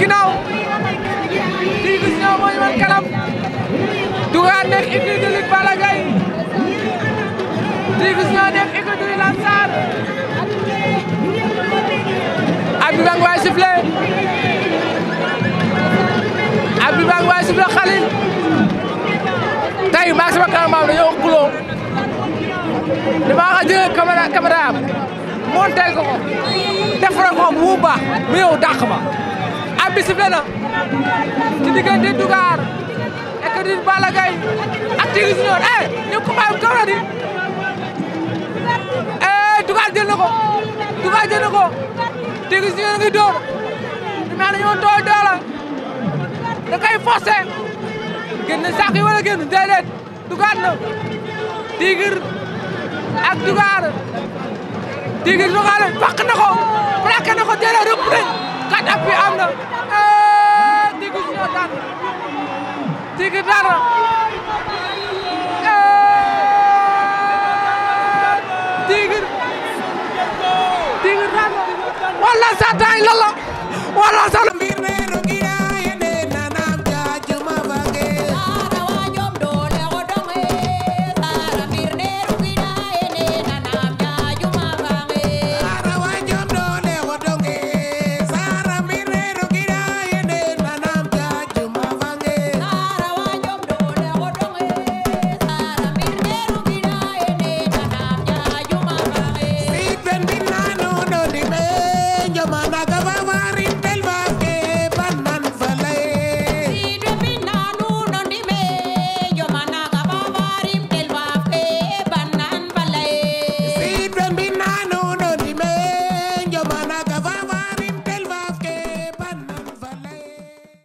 ginnaaw kii gis mooy man kanam Dougar nekk équipe de Luc Balla Gaye ñoo nekk équipe de Lansar at bi ba nga waay sifflé at bi ba nga waay sifflé Khalil tey maa sama kanam maam dañoo xuloo damaa xa jëlee caméra caméra ko ko defaral ko am bu baax mu bi sifflé na ci diggante Dougar écurie Balla Gaye ak Tigre Junior eh ñëpp xaw na di eh Dougar jël na ko Dougar jël na ko Tigre Junior ngi door ñu mel ne tooy doola da koy forcé génn saako yi wala génn déedéet Dougar na Tigre ak Dougar Tigre Dougar fàq na ko plaqué na ko déedéet rëpp nañ kat appui am na. sata illallah wala salam